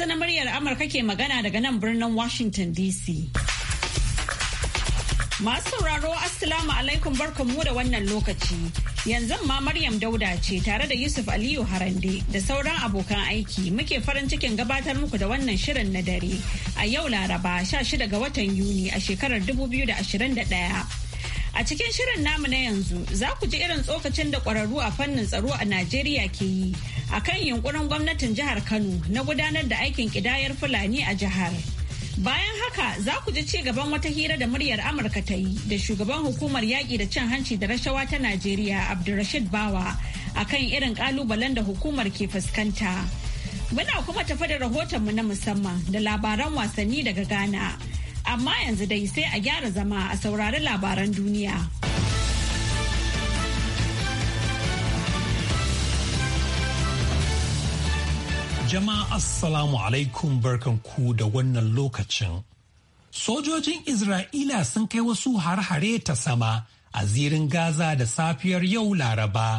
Hausa na muryar Amurka ke magana daga nan birnin Washington DC. Masu sauraro Assalamu alaikum barkanmu da wannan lokaci. Yanzu ma Maryam Dauda ce tare da Yusuf Aliyu Harande da sauran abokan aiki muke farin cikin gabatar muku da wannan shirin na dare a yau Laraba 16 ga watan Yuni a shekarar 2021. A cikin shirin namu na yanzu za ku ji irin tsokacin da ƙwararru a fannin tsaro a Najeriya ke yi a kan yunkurin gwamnatin jihar Kano na gudanar da aikin ƙidayar Fulani a jihar. Bayan haka za ku ji ci gaban wata hira da muryar Amurka ta yi da shugaban hukumar yaƙi da cin hanci da rashawa ta Najeriya Abdulrashid Bawa a kan irin ƙalubalen da hukumar ke fuskanta. Muna kuma tafi da rahotonmu na musamman da labaran wasanni daga Ghana. amma yanzu dai sai a gyara zama a saurari labaran duniya. Jama'a Assalamu alaikum barkanku da wannan lokacin. Sojojin Isra'ila sun kai wasu har-hare ta sama a zirin Gaza da safiyar yau Laraba.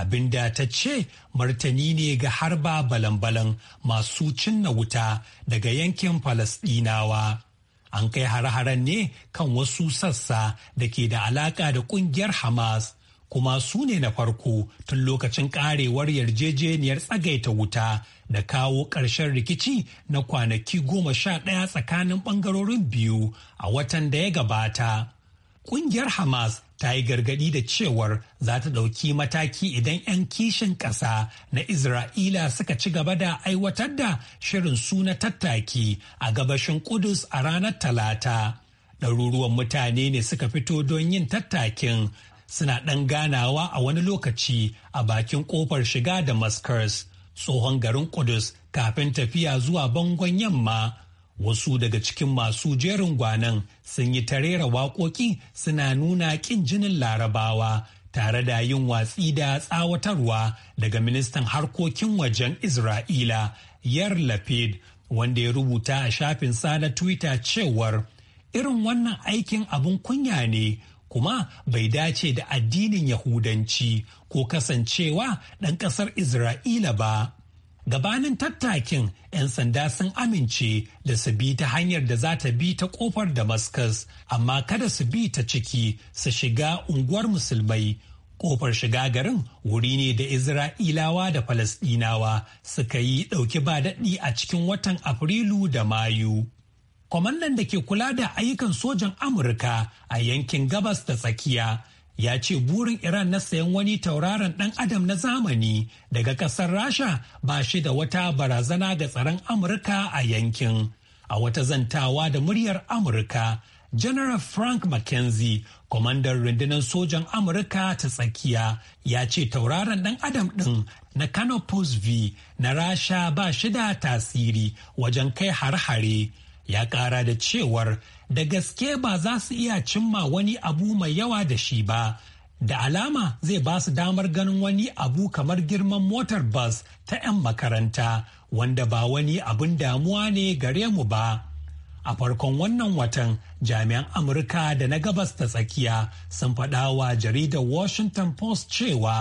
abinda ta ce martani ne ga harba balan-balan masu cinna wuta daga yankin Falasɗinawa. an kai hare-haren ne kan wasu sassa da ke da alaka da kungiyar hamas kuma su ne na farko tun lokacin karewar yarjejeniyar tsagaita wuta da kawo ƙarshen rikici na kwanaki goma sha ɗaya tsakanin ɓangarorin biyu a watan da ya gabata. Ƙungiyar Hamas ta yi gargadi da cewar za ta ɗauki mataki idan 'yan kishin ƙasa na Isra'ila suka ci gaba da aiwatar da shirin suna tattaki a gabashin Kudus a ranar Talata. Ɗaruruwan mutane ne suka fito don yin tattakin suna ɗan ganawa a wani lokaci a bakin ƙofar shiga da Damascus, tsohon garin Kudus kafin tafiya zuwa bangon yamma Wasu daga cikin masu jerin gwanan sun yi tarera waƙoƙi suna nuna ƙin jinin larabawa tare da yin watsi da tsawatarwa daga ministan harkokin wajen Isra'ila Yair Lapid wanda ya rubuta a shafin na Twitter cewar irin wannan aikin abun kunya ne kuma bai dace da addinin Yahudanci ko kasancewa ɗan ƙasar Isra'ila ba. gabanin tattakin 'yan sanda sun amince da su bi ta hanyar da za ta bi ta kofar damascus amma kada su bi ta ciki su shiga unguwar musulmai kofar shiga garin wuri ne da isra'ilawa da falasdinawa suka yi ɗauki ba daɗi a cikin watan afrilu da mayu kwamandan da ke kula da ayyukan sojan amurka a yankin gabas da tsakiya ya ce burin Iran na sayan wani tauraron dan adam na zamani daga kasar Rasha ba shi da wata barazana ga tsaron Amurka a yankin. A wata zantawa da muryar Amurka, General Frank McKenzie, kwamandan rundunar sojan Amurka ta tsakiya, ya ce tauraron dan adam din na Canopus V na Rasha ba shi da tasiri wajen kai har-hare. Ya kara da cewar da gaske ba za su iya cimma wani abu mai yawa da shi ba da alama zai ba su damar ganin wani abu kamar girman motar bas ta 'yan makaranta wanda ba wani abin damuwa ne gare mu ba a farkon wannan watan jami'an amurka da na gabas ta tsakiya sun faɗa wa jaridar washington post cewa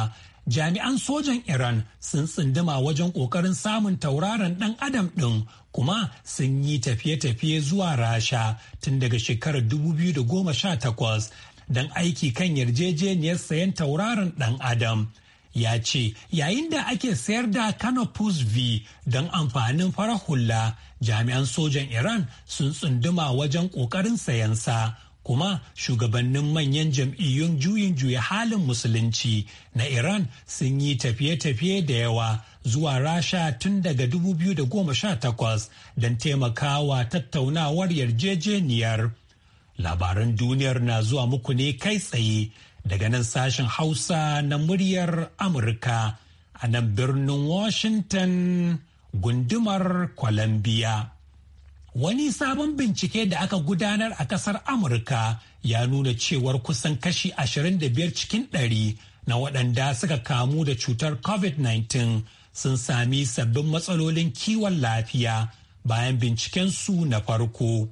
jami'an sojan Iran sun tsunduma wajen ƙoƙarin samun tauraron ɗan adam ɗin kuma sun yi tafiye-tafiye zuwa rasha tun daga shekarar 2018 don aiki kan yarjejeniyar sayan tauraron ɗan adam. Ya ce yayin da ake sayar da Canopus V don amfanin farar hula, jami'an sojan Iran sun tsunduma wajen ƙoƙarin sayansa. kuma shugabannin manyan jam'iyyun juyin juya halin musulunci na iran sun yi tafiye-tafiye da yawa zuwa rasha tun daga 2018 don taimakawa tattaunawar yarjejeniyar labaran duniyar na zuwa muku ne kai tsaye daga nan sashen hausa na muryar amurka a nan birnin washington gundumar columbia Wani sabon bincike da aka gudanar a kasar Amurka ya nuna cewar kusan kashi 25 cikin ɗari na waɗanda suka kamu da cutar COVID-19 sun sami sabbin matsalolin kiwon lafiya bayan binciken su na farko.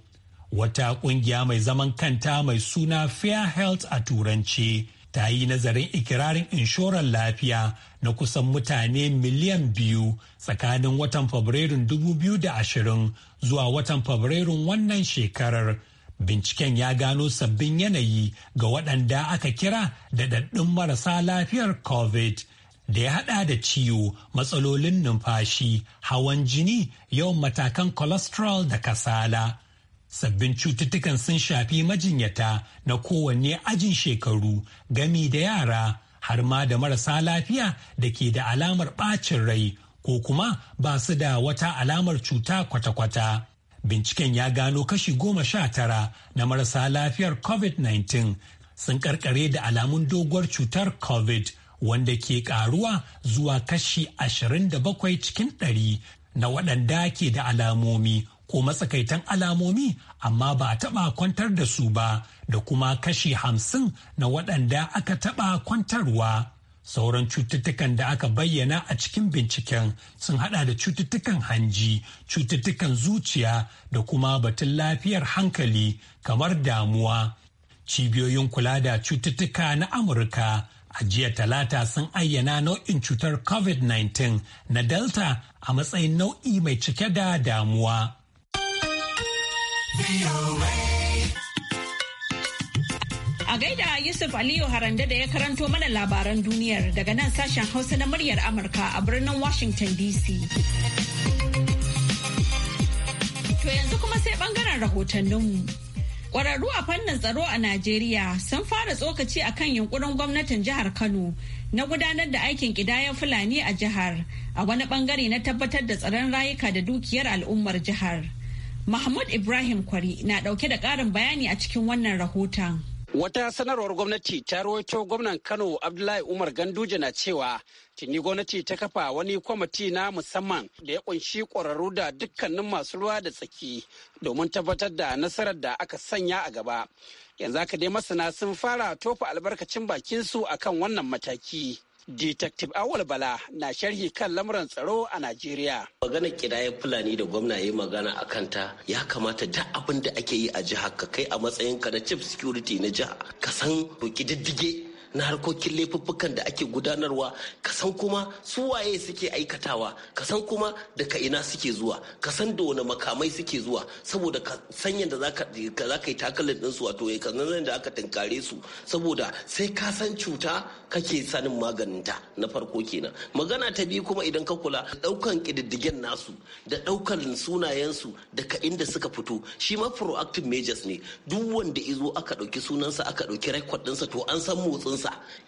Wata ƙungiya mai zaman kanta mai suna Fair Health a Turanci ta yi nazarin ikirarin inshorar lafiya na kusan mutane miliyan biyu tsakanin watan fabrairun 2020 zuwa watan fabrairun wannan shekarar binciken ya gano sabbin yanayi ga waɗanda aka kira da marasa lafiyar covid da ya haɗa da ciwo matsalolin numfashi hawan jini yawan matakan cholesterol da kasala sabbin cututtukan sun shafi majinyata na kowanne ajin shekaru gami da yara har ma da marasa lafiya da ke da alamar ɓacin rai ko kuma ba su da wata alamar cuta kwata-kwata. Binciken ya gano kashi goma sha tara na marasa lafiyar COVID-19 sun karkare da alamun doguwar cutar COVID wanda ke karuwa zuwa kashi ashirin da bakwai cikin ɗari na waɗanda ke da alamomi ko matsakaitan alamomi amma ba a taɓa kwantar da su ba da kuma kashi hamsin na waɗanda aka taɓa kwantarwa. Sauran cututtukan da aka bayyana a cikin binciken sun hada da cututtukan hanji, cututtukan zuciya da kuma batun lafiyar hankali kamar damuwa. Cibiyoyin kula da cututtuka na Amurka a jiya talata sun ayyana nau'in cutar COVID-19 na Delta a matsayin nau'i mai cike da damuwa. A gaida Yusuf Aliyu Harande da ya karanto mana labaran duniyar daga nan sashen Hausa na muryar Amurka a birnin Washington DC. To yanzu kuma sai bangaren rahotanninmu. Kwararru a fannin tsaro a Najeriya sun fara tsokaci a kan yunkurin gwamnatin jihar Kano na gudanar da aikin kidayen Fulani a jihar a wani bangare na tabbatar da tsaron rayuka da dukiyar al'ummar jihar. Mahmud Ibrahim Kwari na ɗauke da ƙarin bayani a cikin wannan rahoton. Wata sanarwar gwamnati ta rawaito gwamnan Kano Abdullahi Umar Ganduje na cewa tuni gwamnati ta kafa wani kwamiti na musamman da ya kunshi ƙwararru da dukkanin masu ruwa da tsaki domin tabbatar da nasarar da aka sanya a gaba. Yanzu aka dai masana sun fara tofa albarkacin bakinsu akan wannan mataki. Detective Awul Bala na sharhi kan lamuran tsaro a Najeriya. Maganar kidaya Fulani da gwamna ya magana a kanta ya kamata duk abin da ake yi a jihar ka kai a matsayinka na chief security na jiha ka san diddige na harkokin laifuffukan da ake gudanarwa ka san kuma su waye suke aikatawa ka san kuma daga ina suke zuwa ka san da wani makamai suke zuwa saboda ka san yadda za ka yi takalin ɗinsu wato ka san da aka tankare su saboda sai ka san cuta kake sanin maganin ta na farko kenan magana ta biyu kuma idan ka kula da ɗaukan ƙididdigen nasu da ɗaukan sunayensu daga inda suka fito shi ma proactive measures ne duk wanda izo aka ɗauki sunansa aka ɗauki rekod ɗinsa to an san motsin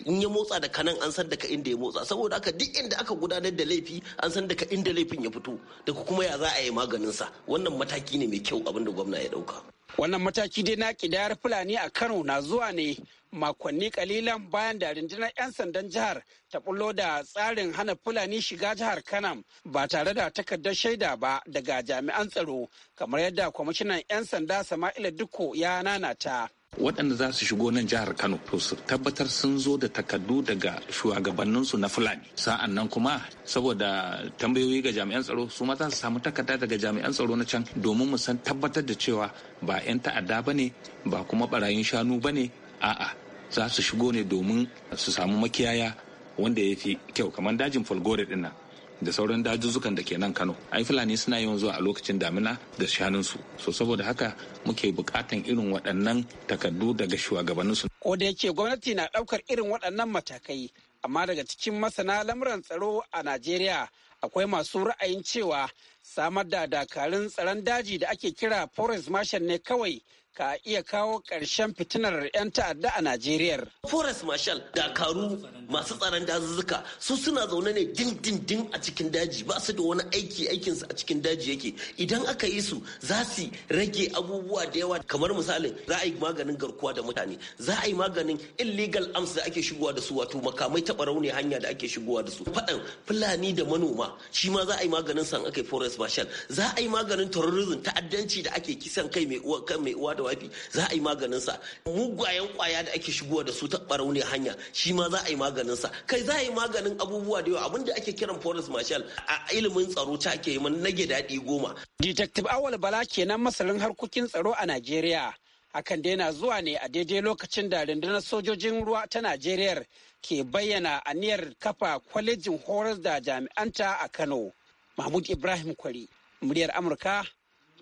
in ya motsa da kanan an san daga inda ya motsa saboda haka duk inda aka gudanar da laifi an san daga inda laifin ya fito da kuma ya za a yi maganin sa wannan mataki ne mai kyau abin da gwamna ya dauka wannan mataki dai na kidayar fulani a kano na zuwa ne makonni kalilan bayan da rundunar 'yan sandan jihar ta bullo da tsarin hana fulani shiga jihar kano ba tare da takardar shaida ba daga jami'an tsaro kamar yadda kwamishinan 'yan sanda sama'ila dukko ya nanata waɗanda za su shigo nan jihar kano to su tabbatar sun zo da takardu daga shugabanninsu na fulani sa'an nan kuma saboda tambayoyi ga jami'an tsaro su ma za su samu takarda daga jami'an tsaro na can domin mu san tabbatar da cewa ba 'yan ta'adda ba ne ba kuma barayin shanu ba ne a'a za su shigo ne domin su samu makiyaya wanda ya fi kyau kamar dajin folgore dinnan da sauran dajuzzukan da ke nan Kano. Ai Fulani suna yin zuwa a lokacin damina da shanunsu. So saboda haka muke bukatan irin waɗannan takardu daga shugabanninsu. Ko da yake gwamnati na ɗaukar irin waɗannan matakai amma daga cikin masana lamuran tsaro a Najeriya akwai masu ra'ayin cewa samar da dakarun tsaron daji da ake kira forest marshal ne kawai ka iya kawo ƙarshen fitinar 'yan ta'adda a Najeriya. Forest Marshal Dakaru masu tsaron dazuzzuka su suna zaune ne dindindin a cikin daji ba su da wani aiki aikinsu a cikin daji yake idan aka yi su za su rage abubuwa da yawa kamar misalin za a yi maganin garkuwa da mutane za a yi maganin illegal arms da ake shigowa da su wato makamai taɓa rauni hanya da ake shigowa da su faɗan fulani da manoma shi ma za a yi maganin san aka yi forest marshal za a yi maganin terrorism ta'addanci da ake kisan kai mai uwa da dawafi za a yi maganin sa mugayen kwaya da ake shigowa da su ta barauniyar hanya shi ma za a yi maganin sa kai za a yi maganin abubuwa da yawa abin da ake kiran forest marshal a ilimin tsaro ta ake man nage daɗi goma. detective awal bala kenan masarin harkokin tsaro a najeriya hakan dai na zuwa ne a daidai lokacin da rundunar sojojin ruwa ta najeriya ke bayyana aniyar kafa kwalejin horas da jami'anta a kano mahmud ibrahim kwari muryar amurka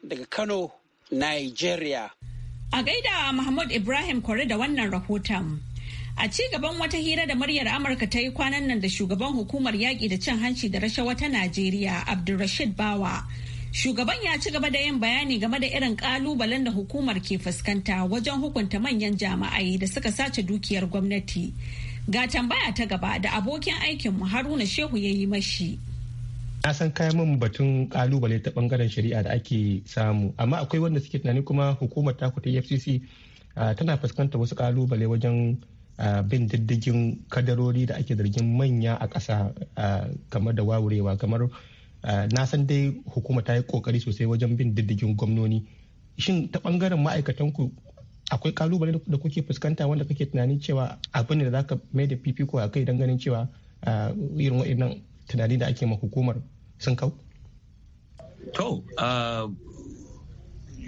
daga kano Nigeria. A gaida Mahmud Ibrahim Kwari da wannan rahoton. A ci gaban wata hira da muryar Amurka ta yi kwanan nan da shugaban hukumar yaƙi da cin hanci da rashawa ta Najeriya Abdulrashid Bawa. Shugaban ya ci gaba da yin bayani game da irin ƙalubalen da hukumar ke fuskanta wajen hukunta manyan jama'ai da suka sace dukiyar gwamnati. Ga tambaya ta gaba da abokin aikinmu Haruna Shehu ya yi mashi. na san kayan mun batun kalubale ta bangaren shari'a da ake samu amma akwai wanda suke tunani kuma hukumar ku ta e fcc tana fuskantar wasu kalubale wajen bin diddigin kadarori da ake zargin manya a ƙasa kamar da wawurewa kamar na san dai hukuma ta yi kokari sosai wajen bin diddigin gwamnoni shin ta bangaren ma'aikatanku akwai kalubale da kuke fuskanta wanda kake tunanin cewa abin da zaka mai da fifiko a kai don ganin cewa irin waɗannan tunani da ake ma hukumar sun kau? To,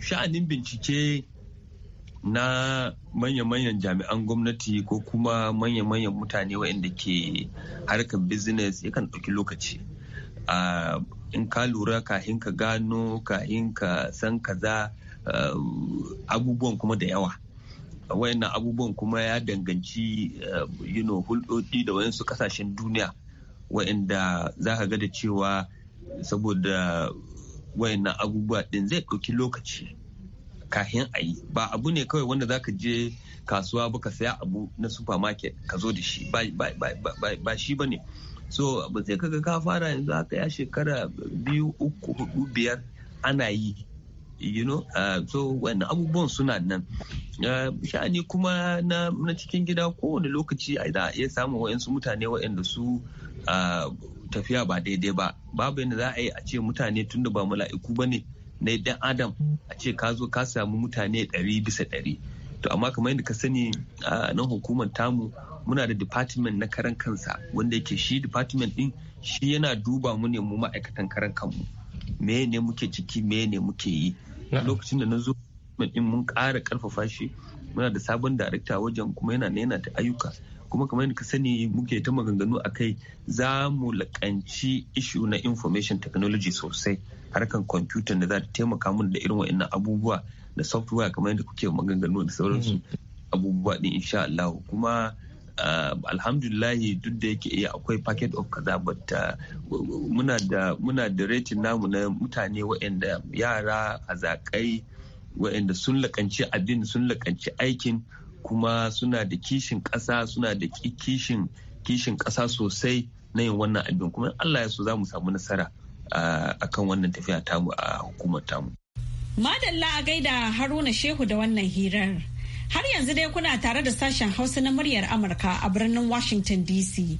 sha'anin bincike na manya-manyan jami'an gwamnati ko kuma manya-manyan mutane waɗanda ke harkar business yakan ɗauki lokaci. In ka lura kahin ka gano kahin ka san kaza abubuwan kuma da yawa. wayannan abubuwan kuma ya danganci hulɗoɗi da wayansu kasashen duniya wa'inda za ka ga da cewa saboda wa'innan abubuwa ɗin zai ɗauki lokaci kafin a yi ba abu ne kawai wanda za ka je kasuwa ba ka saya abu na supermarket ka zo da shi ba shi ba ne so ba sai kaga ka fara yanzu haka ya shekara biyu uku hudu biyar ana yi you know uh, so wannan abubuwan suna nan uh, sha'ani kuma na, na cikin gida kowane lokaci a za a iya samun wa'yansu mutane wa'yanda su tafiya ba daidai ba babu yadda za a yi a ce mutane tun da ba mala'iku ba ne na dan adam a ce ka zo ka samu mutane ɗari bisa ɗari to amma kamar yadda ka sani a nan hukumar tamu muna da department na karan kansa wanda yake shi department ɗin shi yana duba mu ne mu ma'aikatan karan kanmu me ne muke ciki me ne muke yi lokacin da na zo ɗin mun ƙara ƙarfafa shi muna da sabon darakta wajen kuma yana yana ta ayyuka kuma kamar ka sani muke ta maganganu a kai za mu laƙanci ishu na information technology sosai harkan kwamfuta da za ta taimaka mun da irin wa'annan abubuwa da software kamar yadda kuke maganganu da sauransu mm-hmm. abubuwa din insha Allah kuma Uh, duk da yake iya eh, akwai packet of kaza but uh, muna da muna da rating namu na mutane waɗanda yara hazaƙai waɗanda sun lakanci abin sun lakanci aikin kuma suna da kishin ƙasa suna da kishin kishin ƙasa sosai na yin wannan abin kuma Allah ya so za mu samu nasara a kan wannan tafiya tamu a hukumar tamu. Madalla a gaida Haruna Shehu da wannan hirar. Har yanzu dai kuna tare da sashen Hausa na muryar Amurka a birnin Washington DC.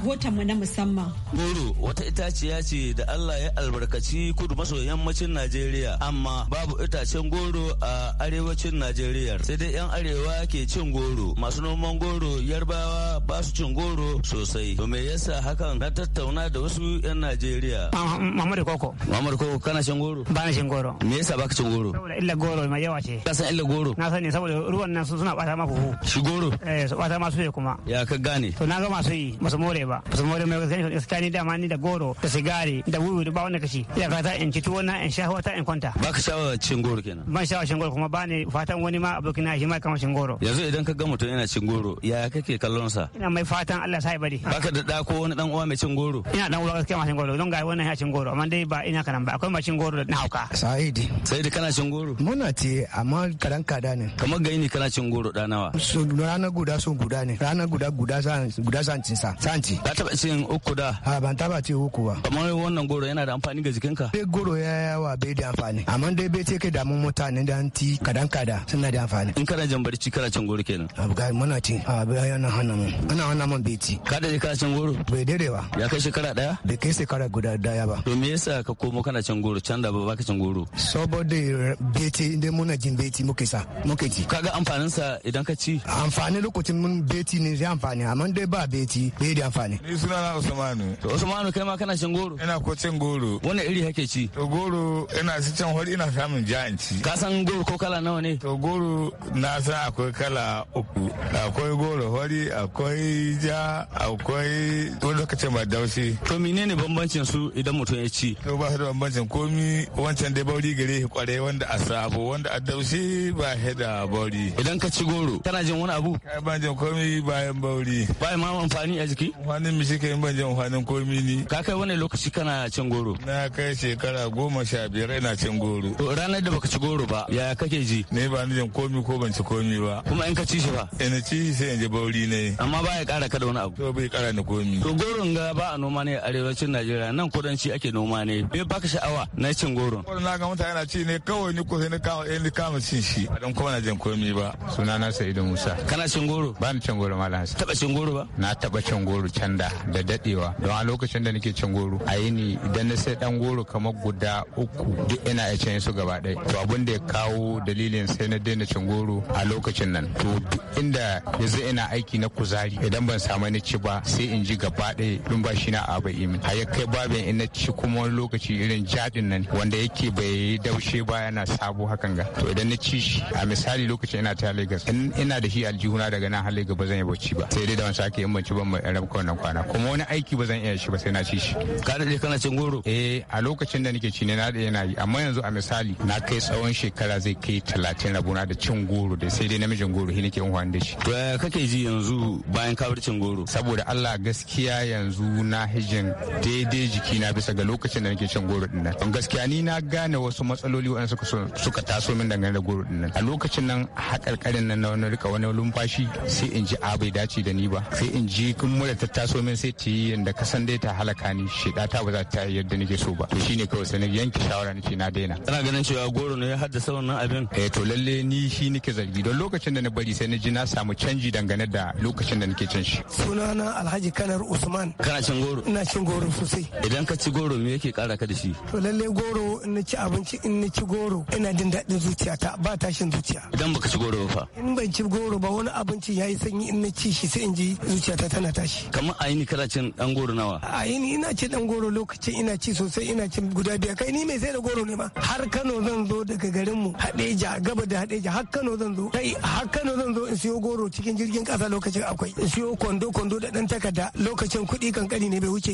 rahotonmu na musamman. Goro wata itaciya ce da Allah ya albarkaci kudu maso yammacin Najeriya amma babu itacen goro a arewacin Najeriya sai dai 'yan arewa ke cin goro masu noman goro yarbawa ba su cin goro sosai to me yasa hakan na tattauna da wasu 'yan Najeriya. Ah, Muhammadu Koko. Muhammadu Koko kana cin goro? Ba na cin goro. Me yasa baka cin goro? Saboda illa goro mai yawa ce. Ka san illa goro? Na sani saboda ruwan nan suna bata ma fufu. Shi goro? Eh su bata ma su kuma. Ya ka gane. To na ga masu yi masu more ba ba su more mai gaskiya ni dama ni da goro da sigari da wuyu ba wanda kashi ina ta in ci tuwo na in sha ta in kwanta ba ka sha'awar cin goro kenan ban sha'awar cin goro kuma ba ne fatan wani ma abokin na shi ma kama cin goro yanzu idan ka ga mutum yana cin goro yaya kake kallon sa ina mai fatan Allah sa ya bari ba ka da da ko wani dan uwa mai cin goro ina dan uwa gaskiya ma cin goro don ga wannan ya cin goro amma dai ba ina kanan ba akwai ma cin goro da na hauka sa'idi sa'idi kana cin goro muna ce amma karan kada ne kamar gaini kana cin goro da nawa so ranar guda so guda ne ranar guda guda san guda san cin sa sanci Ka taba cin uku da? ha ban taba ce uku ba. Kamar wannan goro yana da amfani ga jikinka? Bai goro ya yawa bai da amfani. Amma dai bai ce kai da damun mutane da anti kadan kada suna da amfani. In kana jan barci kana cin goro kenan. Abu ga muna ci. A bai yana hana mun. Ana wannan mun bai ci. Ka da ka cin goro? Bai daidai ba. Ya kai shekara daya? Bai kai shekara guda daya ba. To me yasa ka komo kana cin goro can da ba baka cin goro? Saboda beti inda muna jin beti muke sa muke ci. Kaga amfaninsa idan ka ci? Amfani lokacin mun beti ne zai amfani amma dai ba beti bai da amfani. ne ni suna na usmanu to usmanu kai ma kana cin goro ina ko cin goro wannan iri kake ci to goro ina ci can hori ina samun ja'anci ka san goro ko kala nawa ne to goro na san akwai kala uku akwai goro hori akwai ja akwai wani lokacin ba daushi to menene bambancin su idan mutum ya ci to ba su da bambancin komi wancan dai bauri gare shi kware wanda a sabo wanda a daushi ba shi da bauri idan ka ci goro kana jin wani abu ba jin komi bayan bauri Bayan ma amfani a jiki amfanin mi shike in ban ji amfanin komi ni ka kai wani lokaci kana cin goro na kai shekara goma sha biyar ina cin goro to ranar da baka ci goro ba yaya kake ji ne ba ni jin komi ko ban ci komi ba kuma in ka ci shi ba in ci shi sai in ji bauri ne amma ba ya kara ka da wani abu to bai kara ni komi to goro ga ba a noma ne a arewacin Najeriya nan kudanci ake noma ne bai baka sha'awa na cin goro? Goro na ga mutane na ci ne kawai ni ko sai ni kama eh, ni kama cin shi ba dan kuma na jin komi ba sunana Sa'idu Musa kana cin goro ba ni cin goro malam Hassan taba cin goro ba na taba cin goro canda da dadewa don a lokacin da nake can goro a yini idan na sai dan goro kamar guda uku duk ina iya can su gaba ɗaya to abin da ya kawo dalilin sai na daina cin goro a lokacin nan to duk inda yanzu ina aiki na kuzari idan ban samu ni ci ba sai in ji gaba ɗaya shi na abai imin a ya kai babin ina ci kuma wani lokaci irin jadin nan wanda yake bai daushe ba yana sabo hakan ga to idan na ci shi a misali lokacin ina ta Lagos in ina da shi aljihuna daga nan har Lagos ba zan yi bacci ba sai dai da wani sake in ban ci ban mai rabkon wannan kwana kuma wani aiki ba zan iya shi ba sai na ci shi ka dade kana cin goro eh a lokacin da nake ci ne na yana yi amma yanzu a misali na kai tsawon shekara zai kai talatin rabona da cin goro da sai dai namijin goro shi nake unhuwan da shi to kake ji yanzu bayan ka bar cin goro saboda Allah gaskiya yanzu na hijin daidai jikina bisa ga lokacin da nake cin goro din nan don gaskiya ni na gane wasu matsaloli waɗanda suka suka taso min dangane da goro din nan a lokacin nan haƙarƙarin nan na wani rika wani lumfashi sai in ji a bai dace da ni ba sai in ji kun mura ta taso min sai ta yi yadda ka san dai ta halaka ni shida ta ba za ta yi yadda nake so ba to shine kawai sai na yanke shawara ce na daina kana ganin cewa goro ne ya haddasa wannan abin eh to lalle ni shi nake zargi don lokacin da na bari sai na ji na samu canji dangane da lokacin da nake cin shi sunana Alhaji Kanar Usman kana cin goro ina cin goro sosai idan ka ci goro me yake kara ka da shi to lalle goro in na ci abinci in na ci goro ina jin daɗin zuciyata ba tashin zuciya idan baka ci goro ba in ban ci goro ba wani abinci yayi sanyi in na ci shi sai in ji zuciyata tana tashi kamar kamar a ni kana cin dan goro nawa a ni ina cin dan goro lokacin ina ci sosai ina cin guda biyar kai ni mai sai da goro ne ma har Kano zan zo daga garin mu Hadeja gaba da Hadeja har Kano zan zo kai har Kano zan zo in siyo goro cikin jirgin kasa lokacin akwai in siyo kondo kondo da dan takarda lokacin kuɗi kankani ne bai wuce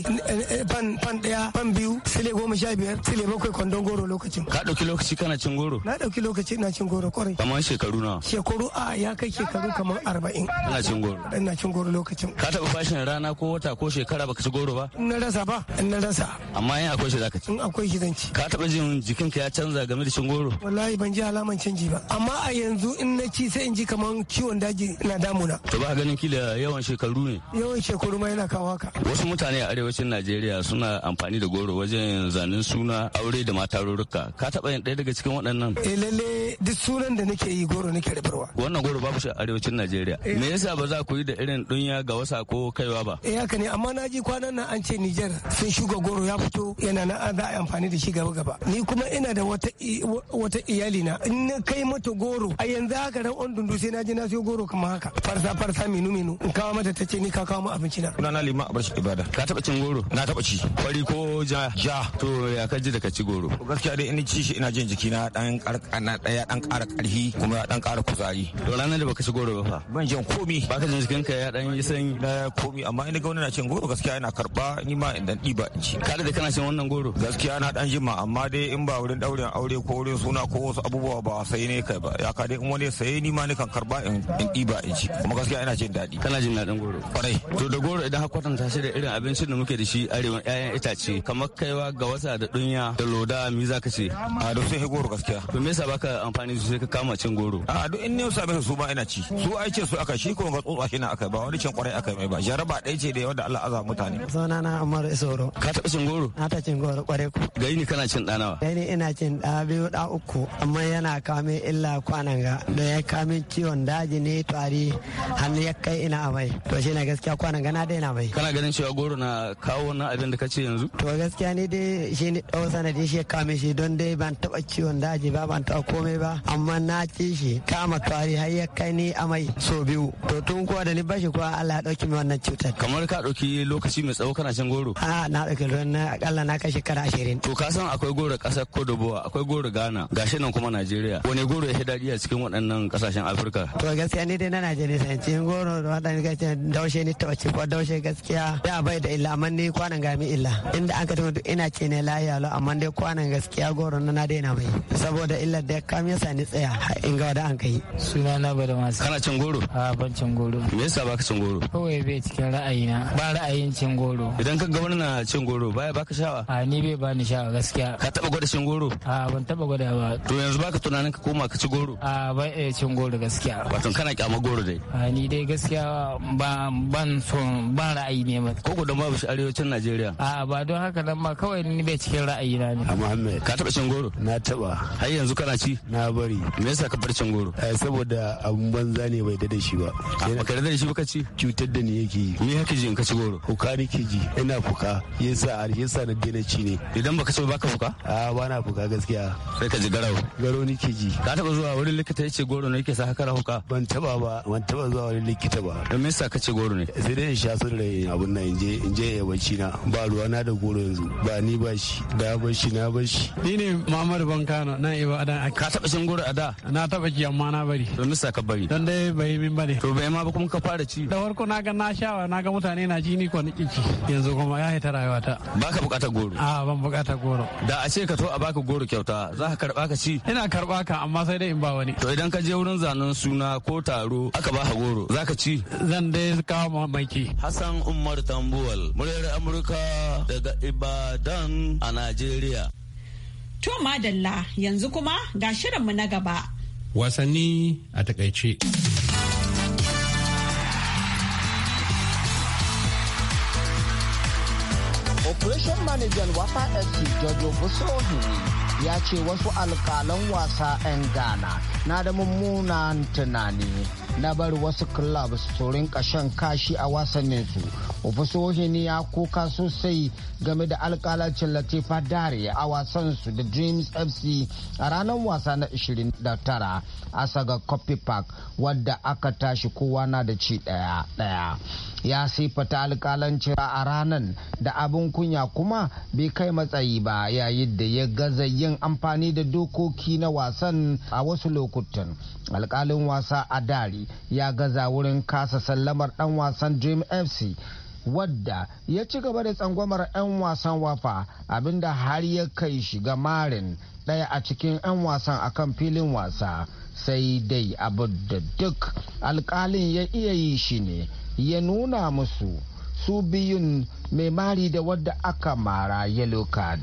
fan fan daya fan biyu sile goma sha biyar sile bakwai kondon goro lokacin ka dauki lokaci kana cin goro na dauki lokaci ina cin goro kwarai kamar shekaru na shekaru a ya kai shekaru kamar arba'in ina cin goro ina cin goro lokacin ka taba fashin rana rana ko wata ko shekara baka ci goro ba in na rasa ba in na rasa amma in akwai shi zaka ci in akwai shi zan ci ka taba jin jikinka ya canza game da cin goro wallahi ban ji alaman canji ba amma a yanzu in na ci sai in ji kaman ciwon daji na damuna to ba ganin kila yawan shekaru ne yawan shekaru ma yana kawo haka wasu mutane a arewacin Najeriya suna amfani da goro wajen zanen suna aure da mata rurruka ka taba yin ɗaya daga cikin waɗannan eh lalle duk sunan da nake yi goro nake rubarwa wannan goro babu shi a arewacin Najeriya eh. me yasa ba za ku yi da irin dunya ga wasa ko kaiwa ba ba eh haka ne amma na ji kwanan nan an ce Niger sun shuga goro ya fito yana na za a amfani da shi gaba gaba ni kuma ina da wata wata iyali na in na kai mata goro a yanzu haka ran on dundu sai naji na siyo goro kamar haka farsa farsa minu minu in kawo mata ta ce ni ka kawo mu abinci na na lima barci ibada ka taba cin goro na taba ci fari ko ja ja to ya ka ji da ka ci goro gaskiya dai in ci shi ina jin jiki na dan karkana daya dan kara karhi kuma dan kara kuzari to ranar da baka ci goro ba fa ban jin komi baka jin jikinka ya dan yi sanyi na eh, komi amma amma ina ga wani na cin goro gaskiya ina karba ni ma in dan diba in ci kada da kana cin wannan goro gaskiya na dan jima amma dai in ba wurin daurin aure ko wurin suna ko wasu abubuwa ba sai ne kai ba ya ka dai in wani sai ni ma ni kan karba in diba in ci kuma gaskiya ina jin dadi kana jin dadin goro kwarai to da goro idan har kwatanta shi da irin abincin da muke da shi arewa ƴaƴan itace kamar kaiwa ga wasa da dunya da loda mi za ka ce a da sai goro gaskiya to me yasa baka amfani sosai ka kama cin goro a duk in ne su abin su ma ina ci su ai ce su aka shi ko ga tsotsa shi na aka ba wani cin kwarai aka mai ba jaraba ɗaya kai ce da yawa da Allah aza mutane sona na Umar Isoro ka taɓa cin goro na ta cin goro kware ku gari ni kana cin ɗanawa gari ni ina cin ɗa biyu ɗa uku amma yana kame illa kwanan ga Da ya kame ciwon daji ne tari hannu ya kai ina amai to shi na gaskiya kwanan ga na daina mai kana ganin cewa goro na kawo wannan abin da ka ce yanzu to gaskiya ni dai shi ne ɗau sanadi shi ya kame shi don dai ban taɓa ciwon daji ba ban taɓa komai ba amma na ci shi kama tari har ya kai ni amai so biyu to tun kuwa da ni bashi kuwa Allah ya ɗauki min wannan cutar kamar ka ɗauki lokaci mai tsawo kana shan goro a na ɗauki ruwan na akalla na kai shekara ashirin to ka san akwai goro ƙasar kodobowa akwai goro ghana gashi nan kuma najeriya wani goro ya daɗi a cikin waɗannan ƙasashen afirka to gaskiya ni dai na najeriya sai cin goro da waɗannan gaskiya daushe ni taɓa ci ko daushe gaskiya ya bai da illa amma ni kwanan ga gami illa inda an ka duk ina ce ne lahiya lo amma dai kwanan gaskiya goro na na daina mai saboda illa da kam yasa ni tsaya in ga wada an kai suna na bada masu kana cin goro a ban cin goro me yasa baka cin goro kawai bai cikin ra'ayina ba ra'ayin cin goro idan ka gwamna na cin goro baya baka shawa a ni bai ba ni shawa gaskiya ka taba gwada cin goro a ban taba gwada ba to yanzu baka tunanin ka koma ka ci goro a ban eh cin goro gaskiya wato kana kyamar goro dai a ni dai gaskiya ba ban son ban ra'ayi ne ba ko gudan babu shi arewacin Najeriya a ba don haka nan ma kawai ni bai cikin ra'ayina ne a Muhammad ka taba cin goro na taba har yanzu kana ci na bari me yasa ka bar cin goro eh, saboda abun banza ne bai da shi ba a ah, ka da shi ba ka ci cutar da ni yake yi ya haka ji in ka ci goro fuka nake ji ina fuka yasa har sa na daina ci ne idan baka ci ba ka fuka a ba na fuka gaskiya sai ka ji garau garo nake ji ka taba zuwa wurin likita yace goro ne yake sa haka rahuka ban taba ba ban taba zuwa wurin likita ba don me yasa ka ce goro ne sai dai in sha su rai abun nan in je in je ya bacci na ba ruwa na da goro yanzu ba ni ba shi da ba shi na ba shi ni ne Muhammad Bankano na Ibadan ka taba shin goro a da na taba ji amma na bari don me yasa ka bari don dai bai min bane to bai ma ba kuma ka fara ci da farko na ga na sha na ga mutane na ji ni ko niki yanzu kuma ya haita rayuwata ka bukatar goro a ah, ban bukatar goro da a ce ka to a baka goro kyauta za ka karba ka ci ina karba ka amma sai dai in ba wani to idan ka je wurin zanen suna ko taro aka ba ka goro za ka ci zan dai kawo ma mamaki hassan umar tambuwal muryar amurka daga ibadan a najeriya to madalla yanzu kuma ga shirinmu na gaba wasanni a takaice manajan wafa fc jojo busohi ya ce wasu alkalan wasa 'yan ghana na da mummunan tunani na bar wasu club su rinka shan kashi a wasanninsu ne ya kuka sosai game da alkalacin latifa dare a wasan su da dreams fc a ranar wasa na 29 a saga coffee park wadda aka tashi kowa na da ci daya daya ya sifata alkalanci a ranan da abin kunya kuma bai kai matsayi ba yayin da ya gaza yin amfani da dokoki na wasan a wasu lokutan alkalin wasa a dari ya gaza wurin kasa sallamar dan wasan dream fc wadda ya ci gaba da tsangwamar 'yan wasan wafa abinda har ya kai shiga marin daya a cikin 'yan wasan akan filin wasa sai dai abu da duk alkalin ya iya yi shi ne ya nuna musu su biyun mai mari da wadda aka mara yellow card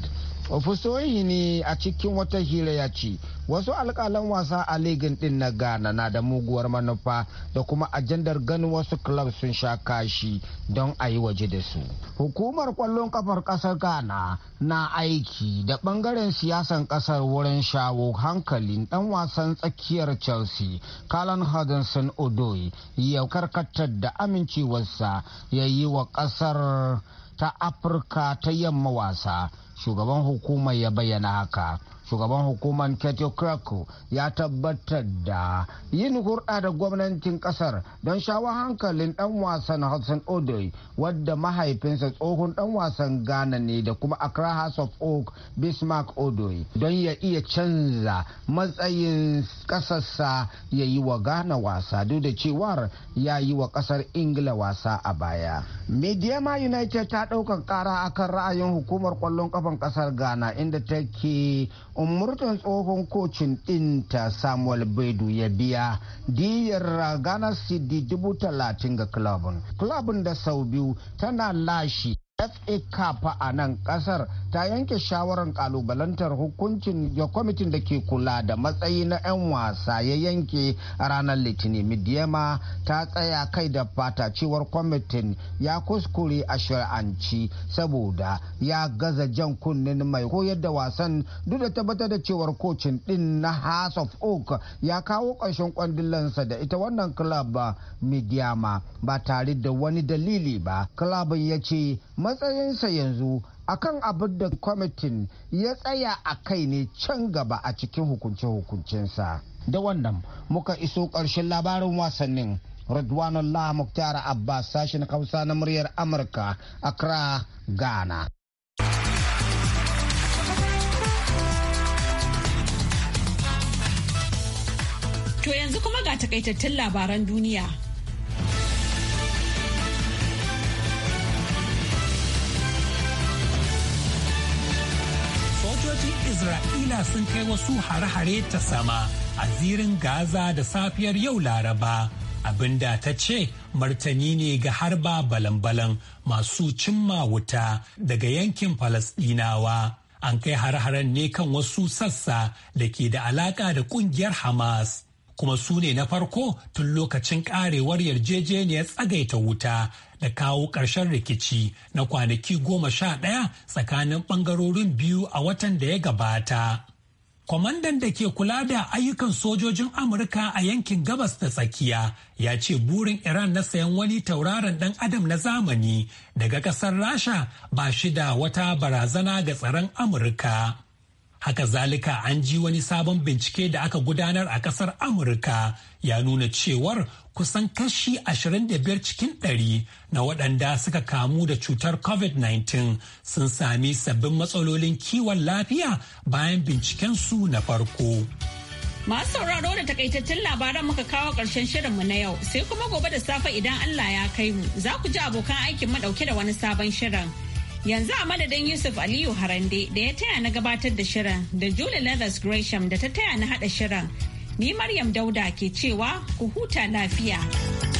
ne a cikin wata hira ya ce wasu alkalan wasa a ligin din na Ghana na da muguwar manufa da kuma ajandar ganin wasu club sun sha kashi don a yi waje da su. Hukumar kwallon kafar kasar Ghana na aiki da bangaren siyasan kasar wurin shawo hankalin dan wasan tsakiyar Chelsea Kalan Hudson Odoi ya karkatar da amincewarsa ya yi wa kasar ta Afirka ta yamma wasa shugaban hukumar ya bayyana haka shugaban hukumar keto ya tabbatar da yin hurɗa da gwamnatin kasar don shawo hankalin ɗan wasan hudson odoi wadda mahaifinsa tsohon ɗan wasan ghana ne da kuma accra house of oak bismarck odoi don ya iya canza matsayin kasarsa ya yi wa ghana wasa duk da cewar ya yi wa kasar ingila wasa a baya mediama united ta ɗaukar kara kan ra'ayin hukumar kwallon kafan kasar ghana inda take umurtan tsohon kocin ta samuel bedu ya biya diyar ghana cd dubu talatin ga klabin klabin da sau biyu tana lashi fa a nan kasar ta yanke shawarar kalubalantar hukuncin da kwamitin da ke kula da matsayi na 'yan wasa ya yanke a ranar litinin midiyama ta tsaya kai da fata cewar kwamitin ya kuskure a shari'anci saboda ya gaza jan kunnen mai koyar da wasan duk da tabbatar da cewar kocin din na house of oak ya kawo ƙarshen kwandilansa da ita wannan club midiyama ba tare da wani dalili ba club ya ce matsayinsa yanzu akan abin da kwamitin ya tsaya a kai ne can gaba a cikin hukunce-hukuncensa da wannan muka iso ƙarshen labarin wasannin Radwanullah Muktar Abbas sashen Hausa na muryar Amurka Accra Ghana. To yanzu kuma ga takaitattun labaran duniya. sojojin Isra'ila sun kai wasu hare-hare ta sama a zirin Gaza da safiyar yau Laraba. Abinda ta ce martani ne ga harba balan-balan masu cimma wuta daga yankin Falasdinawa. An kai hare-haren ne kan wasu sassa da ke da alaka da kungiyar Hamas. kuma su ne na farko tun lokacin karewar yarjejeniyar tsagaita wuta da kawo ƙarshen rikici na kwanaki goma sha ɗaya tsakanin ɓangarorin biyu a watan da ya gabata. Kwamandan da ke kula da ayyukan sojojin Amurka a yankin gabas da tsakiya ya ce burin Iran na sayan wani tauraron ɗan adam na zamani daga ƙasar Rasha ba shi da wata barazana ga tsaron Amurka. Haka zalika an ji wani sabon bincike da aka gudanar a kasar Amurka ya nuna cewar kusan kashi 25 cikin ɗari na waɗanda suka kamu da cutar COVID-19 sun sami sabbin matsalolin kiwon lafiya bayan binciken su na farko. Masu sauraro da takaitattun labaran muka kawo ƙarshen mu na yau sai kuma gobe da safe idan Allah ya kai mu za ku ji abokan aikin mu ɗauke da wani sabon shirin. Yanzu a madadin Yusuf Aliyu Harande da ya taya na gabatar da shirin da Julie Leathers Gresham da ta taya na hada shirin. Ni Maryam Dauda ke cewa ku huta lafiya.